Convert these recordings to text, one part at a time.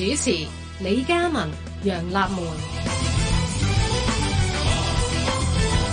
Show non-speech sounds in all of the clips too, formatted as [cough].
主持李家文、楊立門，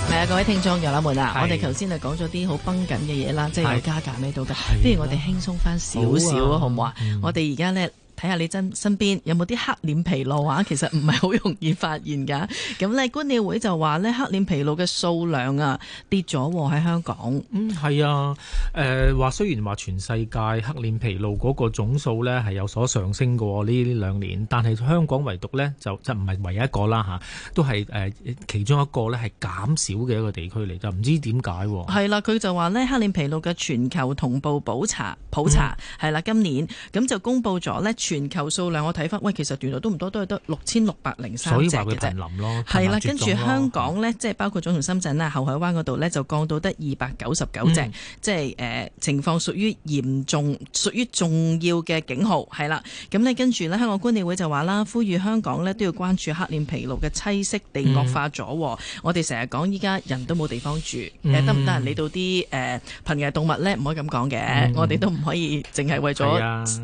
係啊，各位聽眾楊立門啊，是我哋頭先就講咗啲好繃緊嘅嘢啦，是即係又加價呢度嘅，不的如我哋輕鬆翻少少啊，好唔好啊？好嗎嗯、我哋而家咧。睇下你真身邊有冇啲黑臉琵鷺啊？其實唔係好容易發現㗎。咁咧，觀鳥會就話咧，黑臉琵鷺嘅數量啊，跌咗喺香港。嗯，係啊。誒、呃、話雖然話全世界黑臉琵鷺嗰個總數咧，係有所上升㗎喎，呢兩年，但係香港唯獨咧就就唔係唯一一個啦吓、啊，都係誒、呃、其中一個咧係減少嘅一個地區嚟，不道為什麼啊、他就唔知點解。係啦，佢就話咧，黑臉琵鷺嘅全球同步查普查普查，係啦，今年咁就公布咗咧。全球數量我睇翻，喂，其實原來都唔多，都係得六千六百零三隻嘅啫，所以話佢瀕臨咯。係啦，跟住香港呢，即係、嗯、包括咗同深圳啊、後海灣嗰度呢，就降到得二百九十九隻，嗯、即係、呃、情況屬於嚴重、屬於重要嘅警號。係啦，咁、嗯、你跟住呢，香港觀鳥會就話啦，呼籲香港呢都要關注黑臉琵鷺嘅棲息地惡化咗。嗯、我哋成日講依家人都冇地方住，得唔得？你、呃、到啲瀕危動物呢，唔可以咁講嘅。嗯、我哋都唔可以淨係為咗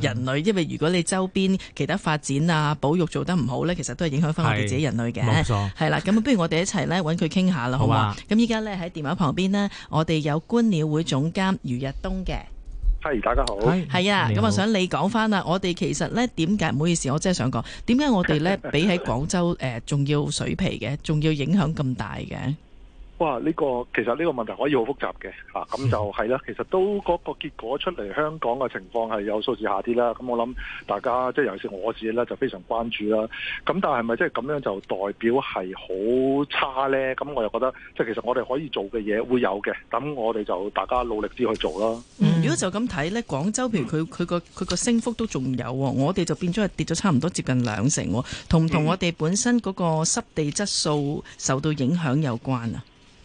人類，啊、因為如果你。周邊其他發展啊，保育做得唔好呢，其實都係影響翻我哋自己人類嘅，冇錯，係啦。咁不如我哋一齊呢，揾佢傾下啦，好嘛？咁依家呢，喺電話旁邊呢，我哋有觀鳥會總監余日東嘅。係大家好，係啊的。咁啊好，想你講翻啦。我哋其實呢，點解？唔好意思，我真係想講，點解我哋呢，比喺廣州誒仲、 [laughs] 呃、要水皮嘅，仲要影響咁大嘅？呢、這個其實呢個問題可以好複雜嘅嚇，咁就係啦。嗯嗯、其實都嗰、這個結果出嚟，香港嘅情況係有數字下跌啦。咁、嗯、我諗大家即係尤其是我自己咧，就非常關注啦。咁、啊、但係係咪即係咁樣就代表係好差咧？咁、嗯、我又覺得即係其實我哋可以做嘅嘢會有嘅。咁我哋就大家努力啲去做啦。嗯嗯、如果就咁睇咧，廣州譬如佢佢個佢個升幅都仲有，我哋就變咗係跌咗差唔多接近兩成，同唔同我哋本身嗰個濕地質素受到影響有關啊？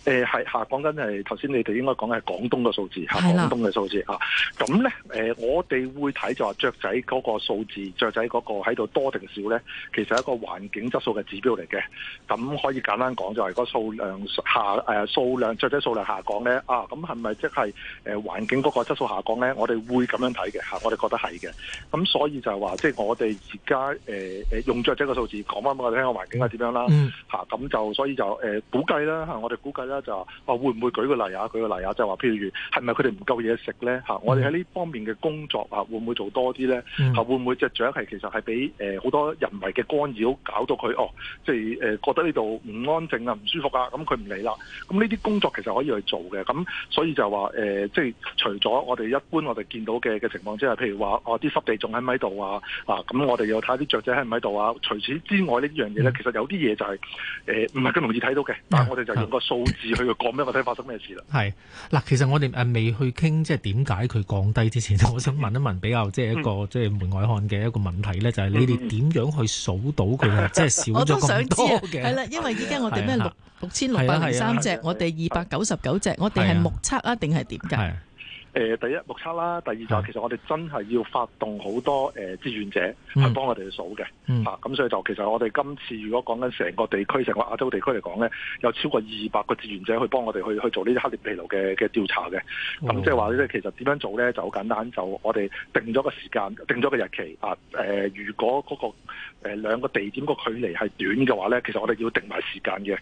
誒係嚇，講緊係頭先你哋應該講係廣東嘅數字，係的廣東嘅數字嚇。咁咧誒，我哋會睇就話雀仔嗰個數字，雀仔嗰個喺度多定少咧，其實係一個環境質素嘅指標嚟嘅。咁可以簡單講就係、是、個數量下誒、啊、數量雀仔數量下降咧啊，咁係咪即係誒環境嗰個質素下降咧？我哋會咁樣睇嘅嚇，我哋覺得係嘅。咁所以就係話，即係我哋而家誒誒用雀仔個數字講翻俾我哋聽，個環境係點樣啦嚇？咁、嗯啊、就所以就誒估計啦嚇，我、呃、哋估計啦。就話，哦，會唔會舉個例啊？舉個例啊，就話、係，譬如係咪佢哋唔夠嘢食咧？嚇，我哋喺呢方面嘅工作嚇，會唔會做多啲咧？嚇、嗯，會唔會隻雀係其實係俾誒好多人為嘅干擾搞到佢哦，即係誒覺得呢度唔安靜啊，唔舒服啊，咁佢唔理啦。咁呢啲工作其實可以去做嘅。咁所以就話誒，即、呃、係除咗我哋一般我哋見到嘅嘅情況之外，譬如話我啲濕地仲喺唔喺度啊？啊，咁、啊嗯、我哋要睇下啲雀仔喺唔喺度啊。除此之外呢樣嘢咧，其實有啲嘢就係、係、誒，唔係咁容易睇到嘅，但係我哋就用個數字。嗯嗯嗯佢又講咩？我睇發生咩事啦。嗱，其實我哋誒未去傾，即係點解佢降低之前，我想問一問比較，即係一個、嗯、即係門外漢嘅一個問題咧，嗯、就係你哋點樣去數到佢 [laughs] 即係少咗咁多嘅？我都想知。係啦， [laughs] 因為依家我哋咩六六千六百零三隻，啊啊啊、我哋二百九十九隻，啊、我哋係目測啊，定係點㗎？誒、呃、第一目測啦，第二就係其實我哋真係要發動好多誒志願者去幫我哋去數嘅咁、嗯嗯啊、所以就其實我哋今次如果講緊成個地區、成個亞洲地區嚟講咧，有超過二百個志願者去幫我哋去去做呢啲黑臉琵鷺嘅嘅調查嘅。咁即係話咧，其實點樣做咧就好簡單，就我哋定咗個時間，定咗個日期啊。誒、呃，如果嗰、那個兩、呃、兩個地點個距離係短嘅話咧，其實我哋要定埋時間嘅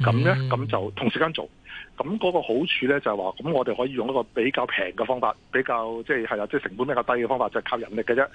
咁咧，咁、啊嗯、就同時間做。咁嗰個好處咧就係話，咁我哋可以用一個比較平嘅方法，比較即係係啊，即、就、係、是、成本比較低嘅方法，就係、是、靠人力嘅啫，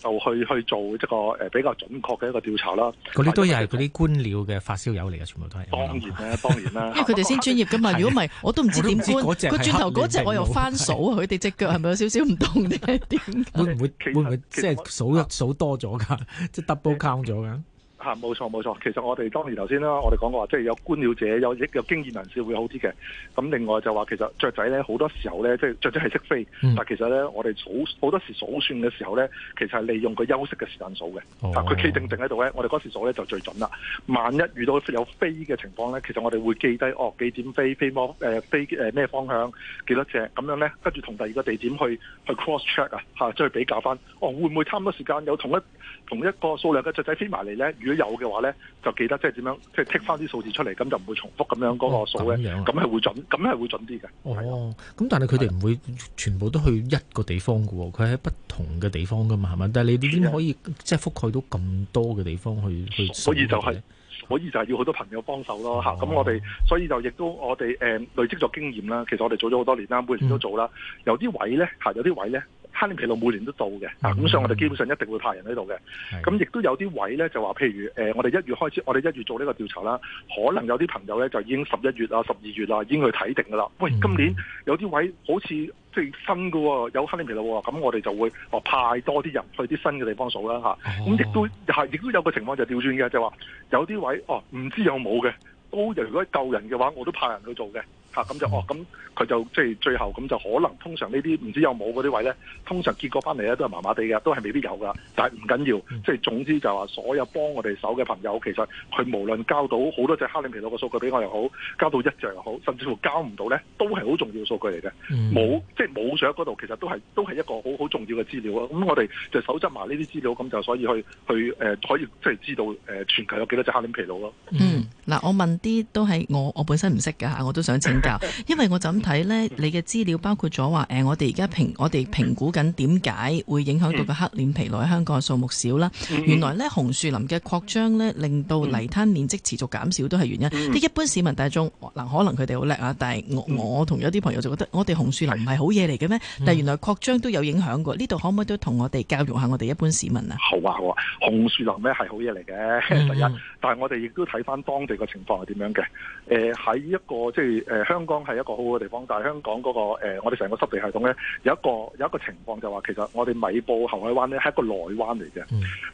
就去去做一、這個誒、呃、比較準確嘅一個調查啦。嗰啲都係嗰啲觀鳥嘅發燒友嚟嘅，全部都係。當然啦，當然啦。因為佢哋先專業㗎嘛，如果唔係，我都唔知點觀。佢轉頭嗰隻我又翻數佢哋隻腳係咪有少少唔同嘅？係點是的？ [laughs] 會唔會會唔會即係數、啊、數多咗㗎？即、就、係、是、double count 咗㗎？嚇，冇錯冇錯。其實我哋當年頭先啦，我哋講過話，即係有觀鳥者有有經驗人士會好啲嘅。咁另外就話其實雀仔咧好多時候咧，即係雀仔係識飛，嗯、但係其實咧我哋數好多時數算嘅時候咧，其實係利用佢休息嘅時間數嘅。嚇、哦，佢企定定喺度咧，我哋嗰時數咧就最準啦。萬一遇到有飛嘅情況咧，其實我哋會記低哦，幾點飛飛麼？誒、呃、飛、呃、咩方向幾多隻咁樣咧？跟住同第二個地點去去 cross check 啊，嚇，即係比較翻哦，會唔會差唔多時間有同一同一個數量嘅雀仔飛埋嚟咧？如果有嘅話咧，就記得即係點樣，即係剔返啲數字出嚟，咁就唔會重複咁樣嗰個數嘅，咁係、哦、會準，咁係會準啲嘅。哦，咁的但係佢哋唔會全部都去一個地方嘅喎，佢喺不同嘅地方㗎嘛，係嘛？的但係你點可以的即係覆蓋到咁多嘅地方去、就是、去所、哦？所以就係，所以就係要好多朋友幫手咯嚇。咁我哋所以就亦都我哋誒累積咗經驗啦。其實我哋做咗好多年啦，每年都做啦、嗯。有啲位咧嚇，有啲位咧。黑臉琵鷺每年都到嘅，咁、嗯、所以我哋基本上一定會派人喺度嘅，咁亦都有啲位咧就話，譬如我哋一月開始，我哋一月做呢個調查啦，可能有啲朋友咧就已經十一月啊、十二月啦已經去睇定噶啦。嗯、喂，今年有啲位好似即係新嘅、哦，有黑臉琵鷺喎，咁我哋就會派多啲人去啲新嘅地方數啦吓，咁亦都亦都有個情況就調轉嘅，就話、是、有啲位哦唔知有冇嘅，都如果救人嘅話，我都派人去做嘅。咁、啊、就哦咁佢就即係最後咁就可能通常有有呢啲唔知有冇嗰啲位咧，通常結果翻嚟咧都係麻麻地嘅，都係未必有噶。但係唔緊要，即係總之就話所有幫我哋手嘅朋友，其實佢無論交到好多隻黑臉琵鷺嘅數據俾我又好，交到一隻又好，甚至乎交唔到咧，都係好重要數據嚟嘅。冇即係冇上嗰度，其實都係都係一個好好重要嘅資料咯。咁我哋就蒐集埋呢啲資料，咁就所以去去、呃、可以即係知道全球有幾多隻黑臉琵鷺咯。嗯，嗱，我問啲都係我我本身唔識嘅，我都想請 [laughs] 因為我就咁睇呢，你嘅資料包括咗話、呃、我哋而家評我哋評估緊點解會影響到個黑臉琵鷺香港數目少啦。嗯、原來呢，紅樹林嘅擴張呢，令到泥灘面積持續減少都係原因。啲、嗯、一般市民大眾嗱，可能佢哋好叻啊，但係我、嗯、我同有啲朋友就覺得我，我哋紅樹林唔係好嘢嚟嘅咩？但原來擴張都有影響過。呢度可唔可以都同我哋教育下我哋一般市民呢好啊？好啊好啊，紅樹林呢係好嘢嚟嘅第一，嗯、但係我哋亦都睇翻當地嘅情況係點樣嘅。喺、呃、一個即係、呃香港係一個好好嘅地方，但係香港嗰、那個、呃、我哋成個濕地系統咧，有一個有一個情況就話，其實我哋米埔後海灣咧係一個內灣嚟嘅，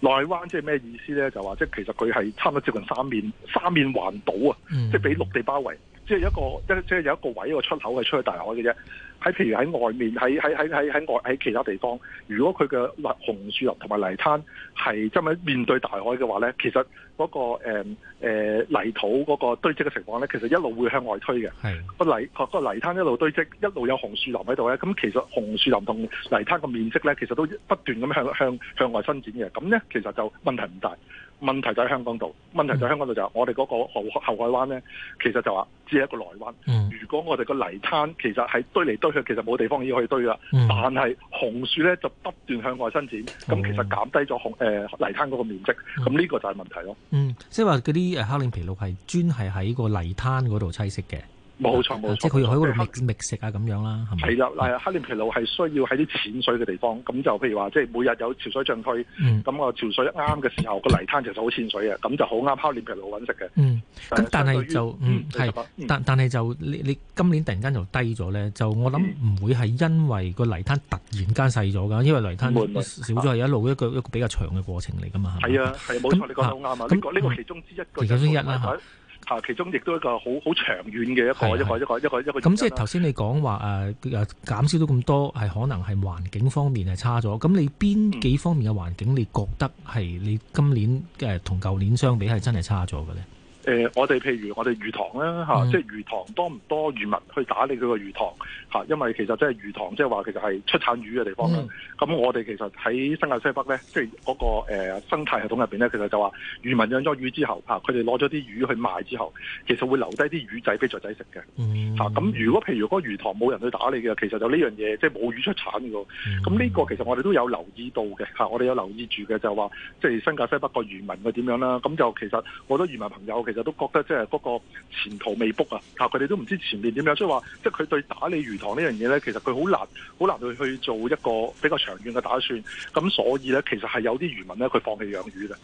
內、嗯、灣即係咩意思咧？就話即係其實佢係差唔多接近三面三面環島啊，嗯、即係俾陸地包圍。即係一個，即係有一個位一個出口係出去大海嘅啫。喺譬如喺外面，喺喺喺喺外喺其他地方，如果佢嘅紅樹林同埋泥灘係真係面對大海嘅話咧，其實嗰、嗰個誒、呃呃、泥土嗰個堆積嘅情況咧，其實一路會向外推嘅。係個泥個泥灘一路堆積，一路有紅樹林喺度咧，咁其實紅樹林同泥灘嘅面積咧，其實都不斷咁向向向外伸展嘅。咁咧，其實就問題唔大。問題就喺香港度，問題就喺香港度就我哋嗰個後海灣咧，其實就話只係一個內灣。嗯、如果我哋個泥灘其實係堆嚟堆去，其實冇地方要去堆啦。嗯、但係紅樹咧就不斷向外伸展，咁、嗯、其實減低咗紅誒泥灘嗰個面積。咁呢、嗯、個就係問題咯。嗯，即係話嗰啲誒黑臉琵鷺係專係喺個泥灘嗰度棲息嘅。冇錯，冇錯，即係佢喺嗰度覓覓食啊咁樣啦，係咪？係啦，誒黑臉琵鷺係需要喺啲淺水嘅地方，咁就譬如話，即係每日有潮水漲退，咁啊潮水一啱嘅時候，個泥灘其實好淺水啊，咁就好啱黑臉琵鷺揾食嘅。咁但係就但但係就你今年突然間就低咗咧，就我諗唔會係因為個泥灘突然間細咗㗎，因為泥灘少咗係一路一個一個比較長嘅過程嚟㗎嘛。係啊，係冇錯，你講得好啱啊！呢個呢個其中之一嘅因素啦。啊，其中亦都係一個好好長遠嘅一個一個一個一個一個一個咁，即係頭先你講話誒誒減少咗咁多，係可能係環境方面係差咗。咁你邊幾方面嘅環境你覺得係你今年嘅同舊年相比係真係差咗嘅咧？誒、呃，我哋譬如我哋魚塘啦，嚇、啊，mm. 即係魚塘多唔多漁民去打理佢個魚塘嚇、啊，因為其實即係魚塘即係話其實係出產魚嘅地方啦。咁、mm. 我哋其實喺新界西北咧，即係嗰個、呃、生態系統入邊咧，其實就話漁民養咗魚之後嚇，佢哋攞咗啲魚去賣之後，其實會留低啲魚仔俾雀仔食嘅嚇。咁、mm. 啊、如果譬如嗰個魚塘冇人去打理嘅，其實就呢樣嘢即係冇魚出產嘅。咁呢、mm. 個其實我哋都有留意到嘅嚇、啊，我哋有留意住嘅就話，即係新界西北個漁民佢點樣啦。咁就其實好多漁民朋友其就都覺得即係嗰個前途未卜啊！嚇，佢哋都唔知前面點樣，所以話即係佢對打理魚塘這件事呢樣嘢咧，其實佢好難好難去去做一個比較長遠嘅打算。咁所以咧，其實係有啲漁民咧，佢放棄養魚嘅嚇、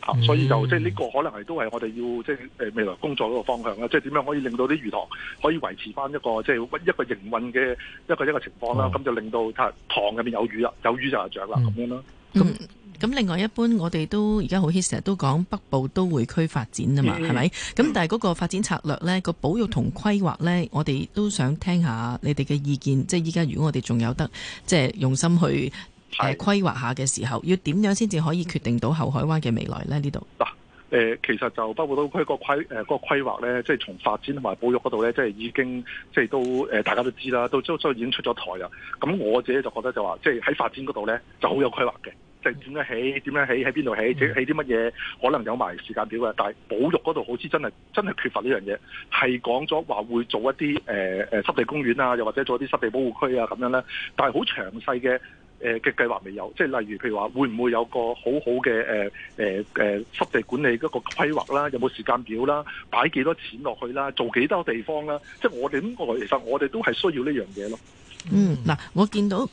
啊，所以就即係呢個可能係都係我哋要即係誒未來工作嗰個方向啦。即係點樣可以令到啲魚塘可以維持翻一個即係、就是、一個營運嘅一個一個情況啦？咁、哦、就令到嚇塘入面有魚啊，有魚就係雀啦咁樣咯。咁 [laughs] 咁另外一般我哋都而家好 hit 成日都講北部都會區發展啊嘛，係咪、嗯？咁但係嗰個發展策略咧，個保育同規劃咧，我哋都想聽下你哋嘅意見，即係依家如果我哋仲有得，即係用心去誒規劃下嘅時候，是要點樣先至可以決定到後海灣嘅未來咧？呢度嗱，誒其實就北部都會區個規誒個規劃咧，即係從發展同埋保育嗰度咧，即係已經即係都誒大家都知啦，都都已經出咗台啦。咁我自己就覺得就話即係喺發展嗰度咧就好有規劃嘅。即係點樣起？點樣起？喺邊度起？起啲乜嘢？可能有埋時間表嘅，但係保育嗰度好似真係真係缺乏呢樣嘢。係講咗話會做一啲誒誒濕地公園啊，又或者做一啲濕地保護區啊咁樣啦。但係好詳細嘅誒嘅計劃未有。即係例如譬如話，會唔會有個好好嘅誒誒誒濕地管理嗰個規劃啦？有冇時間表啦？擺幾多錢落去啦？做幾多地方啦？即係我哋咁，我其實我哋都係需要呢樣嘢咯。嗯，嗱，我見到。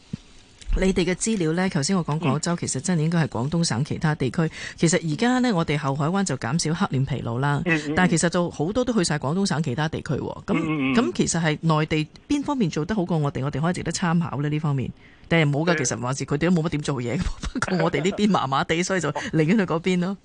你哋嘅資料呢，頭先我講廣州，其實真係應該係廣東省其他地區。嗯、其實而家呢，我哋後海灣就減少黑臉琵鷺啦。嗯、但其實就好多都去晒廣東省其他地區。咁咁其實係內地邊方面做得好過我哋，我哋可以值得參考呢。呢方面。但係冇㗎？嗯、其實話事，佢哋都冇乜點做嘢。不過我哋呢邊麻麻地， [laughs] 所以就寧願去嗰邊咯。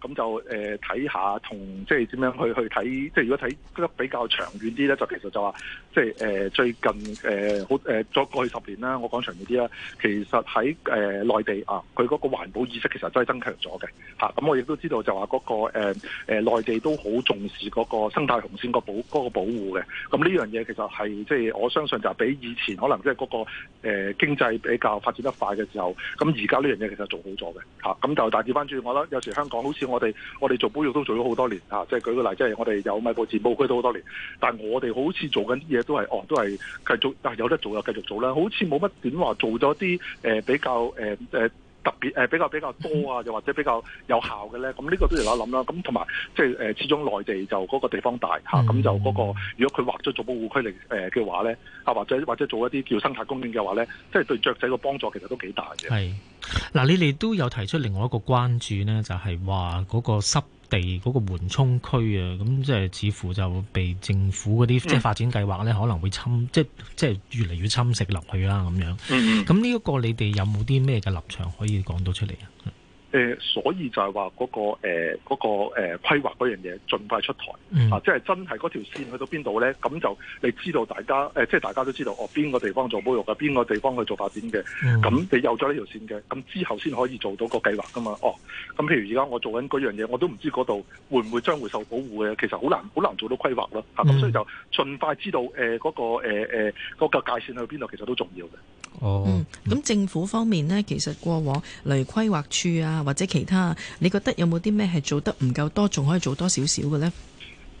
咁、哦、就睇下，同即係點樣去去睇，即係如果睇得比較長遠啲咧，就其實就話，即係、呃、最近、呃、好誒再、呃、過去十年啦，我講長遠啲啦，其實喺誒、呃、內地啊，佢嗰個環保意識其實真係增強咗嘅，咁、啊、我亦都知道就話嗰、嗰個誒、呃呃、內地都好重視嗰個生態紅線個保、嗰個保嗰保護嘅，咁呢樣嘢其實係即係我相信就係比以前可能即係嗰個經、呃、經濟比較發展得快嘅時候，咁而家呢樣嘢其實做好咗嘅，咁、啊、就大致翻轉，我覺得有時香港。好似我哋我哋做保育都做咗好多年即係、啊、舉個例，即、就、係、是、我哋有米埔自然保護區都好多年，但我哋好似做緊啲嘢都係，哦，都係繼續，但係、啊、有得做就繼續做啦，好似冇乜點話做咗啲誒比較。誒、呃特別誒、呃、比較比較多啊，又或者比較有效嘅咧，咁呢個都有諗啦。咁同埋即係誒始終內地就嗰個地方大嚇，咁就嗰個如果佢劃咗做保護區嚟誒嘅話咧，啊、嗯嗯、或者或者做一啲叫生態公園嘅話咧，即、就、係、是、對雀仔個幫助其實都幾大嘅。係嗱，嗯，你哋都有提出另外一個關注呢，就係話嗰個濕。地嗰個緩衝區啊，咁即係似乎就被政府嗰啲即係發展計劃咧，可能會侵，即係即係越嚟越侵蝕落去啦咁樣。咁呢一個，你哋有冇啲咩嘅立場可以講到出嚟啊？誒、呃，所以就係話嗰個誒，嗰、呃嗰個誒規劃嗰樣嘢盡快出台、mm. 啊，即係真係嗰條線去到邊度咧，咁就你知道大家誒、呃，即係大家都知道哦，邊個地方做保育啊，邊個地方去做發展嘅，咁、mm. 嗯、你有咗呢條線嘅，咁之後先可以做到個計劃噶嘛。哦，咁譬如而家我做緊嗰樣嘢，我都唔知嗰度會唔會將會受保護嘅，其實好難好難做到規劃咯。吓、mm. 啊，咁所以就盡快知道誒，嗰個誒誒個界線去邊度，其實都重要嘅。嗯，咁政府方面呢，其實過往例如規劃處啊，或者其他，你覺得有冇啲咩係做得唔夠多，仲可以做多少少嘅呢？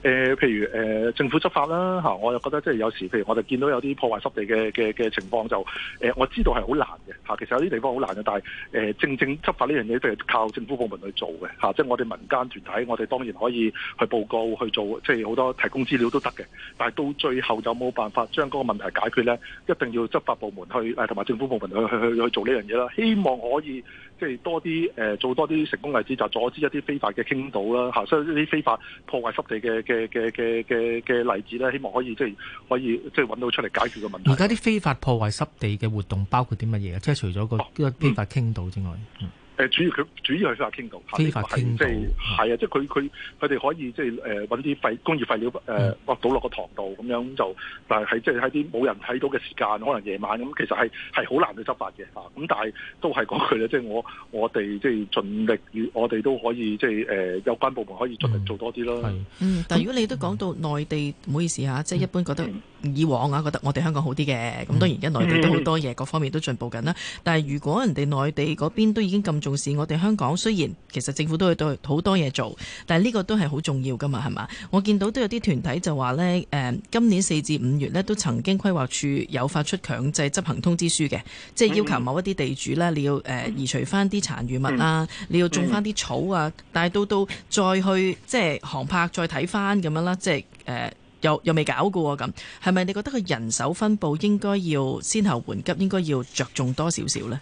誒、呃，譬如誒、呃，政府執法啦、啊、我又覺得即係有時，譬如我哋見到有啲破壞濕地嘅嘅嘅情況就，就、呃、誒，我知道係好難嘅、啊、其實有啲地方好難嘅，但係誒、呃，正正執法呢樣嘢都係靠政府部門去做嘅吓、啊。即係我哋民間團體，我哋當然可以去報告去做，即係好多提供資料都得嘅。但係到最後有冇辦法將嗰個問題解決咧？一定要執法部門去同埋、啊、政府部門去去去去做呢樣嘢啦。希望可以。即係多啲誒、呃，做多啲成功例子，就阻止一啲非法嘅傾倒啦嚇、啊，所以呢啲非法破壞濕地嘅嘅嘅嘅嘅嘅例子咧，希望可以即係可以即係揾到出嚟解決個問題。而家啲非法破壞濕地嘅活動包括啲乜嘢啊？即係除咗個個非法傾倒之外，啊、嗯。嗯誒主要佢主要係非法傾倒，非法傾倒，即係係啊，即係佢佢佢哋可以即係誒揾啲廢工業廢料誒，噉、呃、倒落個塘度咁樣就，但係喺即係喺啲冇人睇到嘅時間，可能夜晚咁，其實係係好難去執法嘅嚇，咁、啊、但係都係講佢咧，即係我我哋即係盡力，我哋都可以即係誒有關部門可以盡力做多啲咯。嗯，係，嗯，但係如果你都講到內地，唔好意思嚇，即係一般覺得。嗯嗯以往啊，覺得我哋香港好啲嘅，咁當然而家內地都好多嘢，嗯、各方面都進步緊啦。但係如果人哋內地嗰邊都已經咁重視我哋香港，雖然其實政府都要對好多嘢做，但係呢個都係好重要㗎嘛，係嘛？我見到都有啲團體就話呢、呃，今年四至五月呢，都曾經規劃處有發出強制執行通知書嘅，即係要求某一啲地主呢，你要誒、呃、移除翻啲殘餘物啊，嗯、你要種翻啲草啊，但係到到再去即係航拍再睇翻咁樣啦，即係誒。呃又又未搞過喎，咁係咪你覺得個人手分佈應該要先後緩急，應該要着重多少少呢？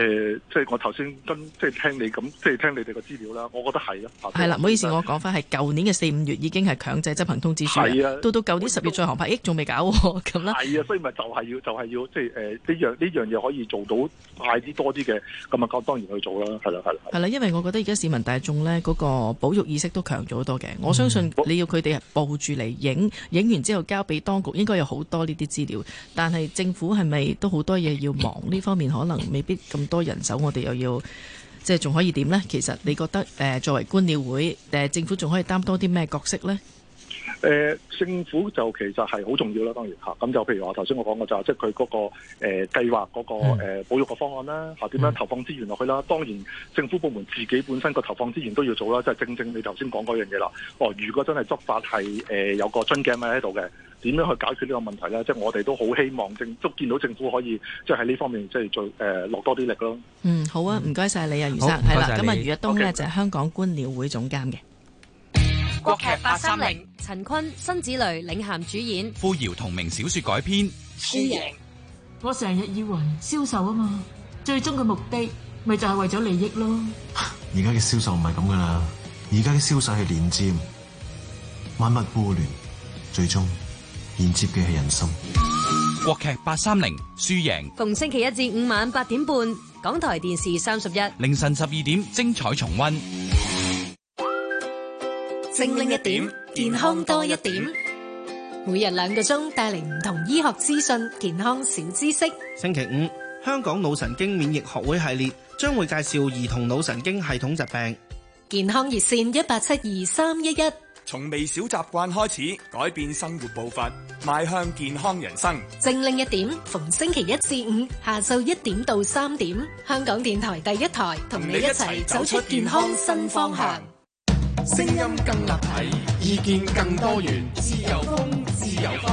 誒，即係我頭先跟，即係聽你咁，即係聽你哋個資料啦，我覺得係咯。係啦，唔好意思，我講返係舊年嘅四五月已經係強制執行通知書，係啊，到到舊年十月再航拍，咦仲未搞，咁啦，係啊，所以咪就係要，就係要，即係誒呢樣呢樣嘢可以做到快啲多啲嘅，咁啊，我當然去做啦，係啦，係啦，係啦，因為我覺得而家市民大眾咧嗰個保育意識都強咗好多嘅，我相信你要佢哋係抱住嚟影，影完之後交俾當局，應該有好多呢啲資料，但係政府係咪都好多嘢要忙呢方面，可能未必咁。多人手，我哋又要即係仲可以點咧？其實你覺得誒、呃、作為觀鳥會誒、呃、政府仲可以擔多啲咩角色咧？誒、呃，政府就其實係好重要啦，當然吓，咁就譬如剛才我頭先我講嘅就即係佢嗰個誒、呃、計劃嗰、那個誒、呃、保育嘅方案啦，吓點樣投放資源落去啦？當然政府部門自己本身個投放資源都要做啦，即、就、係、是、正正你頭先講嗰樣嘢啦。哦，如果真係執法係誒、呃、有個樽 g 喺度嘅，點樣去解決呢個問題咧？即、就、係、是、我哋都好希望政，都見到政府可以即係喺呢方面即係做誒落多啲力咯。嗯，好啊，唔該晒你啊，余生係啦。咁啊，余若東咧 Okay. 就係香港觀鳥會總監嘅。國劇八三零，陳坤、辛芷蕾領銜主演，傅瑤同名小說改編。輸贏，我成日以為銷售啊嘛，最終嘅目的咪就係為咗利益咯。而家嘅銷售唔係咁噶啦，而家嘅銷售係連接，萬物互聯，最終連接嘅係人心。國劇八三零，輸贏，逢星期一至五晚八點半，港台電視三十一，凌晨十二點精彩重溫。精靈一點，健康多一點。每日兩個鐘，帶嚟唔同醫學資訊、健康小知識。星期五，香港腦神經免疫學會系列將會介紹兒童腦神經系統疾病。健康熱線一八七二三一一。從微小習慣開始，改變生活步伐，邁向健康人生。精靈一點，逢星期一至五下晝一點到三點，香港電台第一台同你一齊走出健康新方向。聲音更立體，意見更多元，自由風，自由風。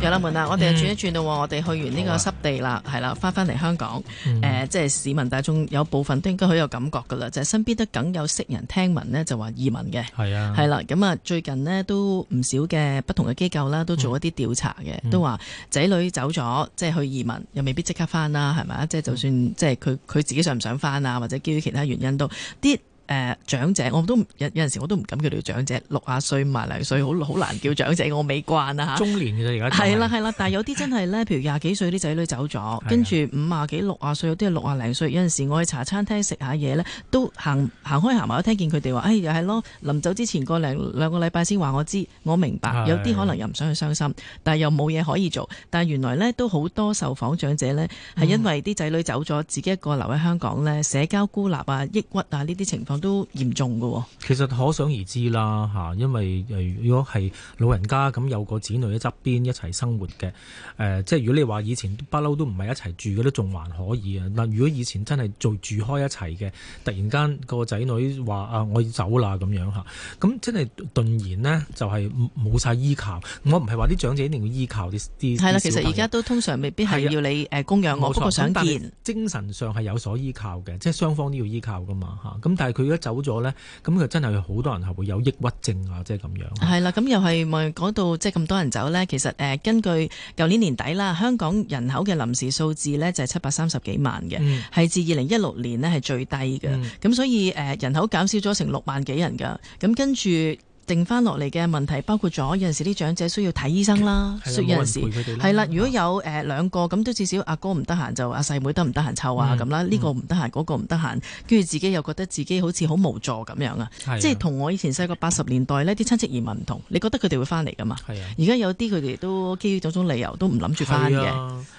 有啦，冇啦，我哋轉一轉到我哋去完呢個濕地啦，係啦、啊，翻翻嚟香港，誒、嗯呃，即係市民大眾有部分都應該好有感覺噶啦，就係、是、身邊都梗有識人聽聞呢，就話移民嘅，係啊，係啦，咁啊，最近呢，都唔少嘅不同嘅機構啦，都做一啲調查嘅，嗯、都話仔女走咗，即係去移民，又未必即刻翻啦，係咪啊？即係就算、嗯、即係佢佢自己想唔想翻啊，或者基於其他原因都啲。誒、呃、長者，我都有有陣時我都唔敢叫佢哋長者，六啊歲五啊零歲，好好難叫長者，我未慣啊，中年嘅啫，而家係啦係啦，但有啲真係呢，譬如廿幾歲啲仔女走咗， [laughs] 跟住五啊幾六啊歲，有啲係六啊零歲，有陣時我去茶餐廳食下嘢呢，都行行開行埋，都聽見佢哋話，哎又係咯，臨走之前個零兩個禮拜先話我知，我明白有啲可能又唔想去傷心，的但又冇嘢可以做，但原來呢，都好多受訪長者呢，係因為啲仔女走咗，嗯、自己一個留喺香港呢，社交孤立啊、抑鬱啊呢啲情況。都嚴重嘅、哦，其實可想而知啦嚇，因為誒，如果係老人家咁有個子女喺側邊一齊生活嘅，誒、呃，即係如果你話以前都不嬲都唔係一齊住嘅都仲還可以啊。嗱，如果以前真係做住開一齊嘅，突然間個仔女話啊，我要走啦咁樣嚇，咁真係頓然呢，就係冇晒依靠。我唔係話啲長者一定要依靠啲啲，係啦，其實而家都通常未必係要你誒供養我，不過想見精神上係有所依靠嘅，即係雙方都要依靠噶嘛嚇。咁但係佢。如果走咗呢，咁就真係好多人係會有抑鬱症啊，即係咁樣。係啦，咁又係咪講到即係咁多人走呢，其實誒，根據舊年年底啦，香港人口嘅臨時數字呢，就係七百三十幾萬嘅，係自二零一六年呢係最低嘅。咁、嗯、所以誒，人口減少咗成六萬幾人㗎。咁跟住。定翻落嚟嘅問題，包括咗有陣時啲長者需要睇醫生啦，所以、嗯、有陣時係啦。如果有誒、呃、兩個咁，都至少阿哥唔得閒，就阿細妹得唔得閒湊啊咁啦？呢、嗯呢個唔得閒，嗰、嗯、個唔得閒，跟住自己又覺得自己好似好無助咁樣啊！即係同我以前細個八十年代呢啲親戚移民唔同，你覺得佢哋會翻嚟噶嘛？而家的有啲佢哋都基於種種理由，都唔諗住翻嘅，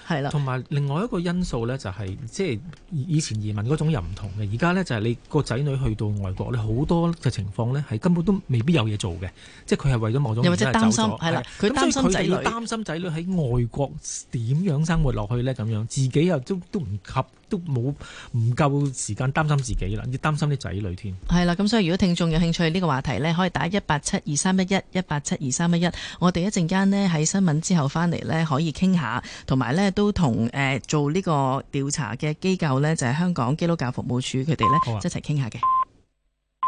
係啦。同埋另外一個因素呢、就係，就係即係以前移民嗰種又唔同嘅，而家呢，就係你個仔女去到外國，你好多嘅情況呢，係根本都未必有嘢。做嘅，即係佢係為咗某種原因走咗，係啦。佢擔心仔女，擔心仔女喺外國點樣生活落去呢？咁樣自己又都都唔及，都冇唔夠時間擔心自己啦，要擔心啲仔女添。係啦，咁所以如果聽眾有興趣呢個話題呢，可以打一八七二三一一，一八七二三一一，我哋一陣間呢，喺新聞之後翻嚟，呢，可以傾下，同埋呢，都同誒做呢個調查嘅機構呢，就係、是、香港基督教服務處，佢哋呢，一齊傾下嘅。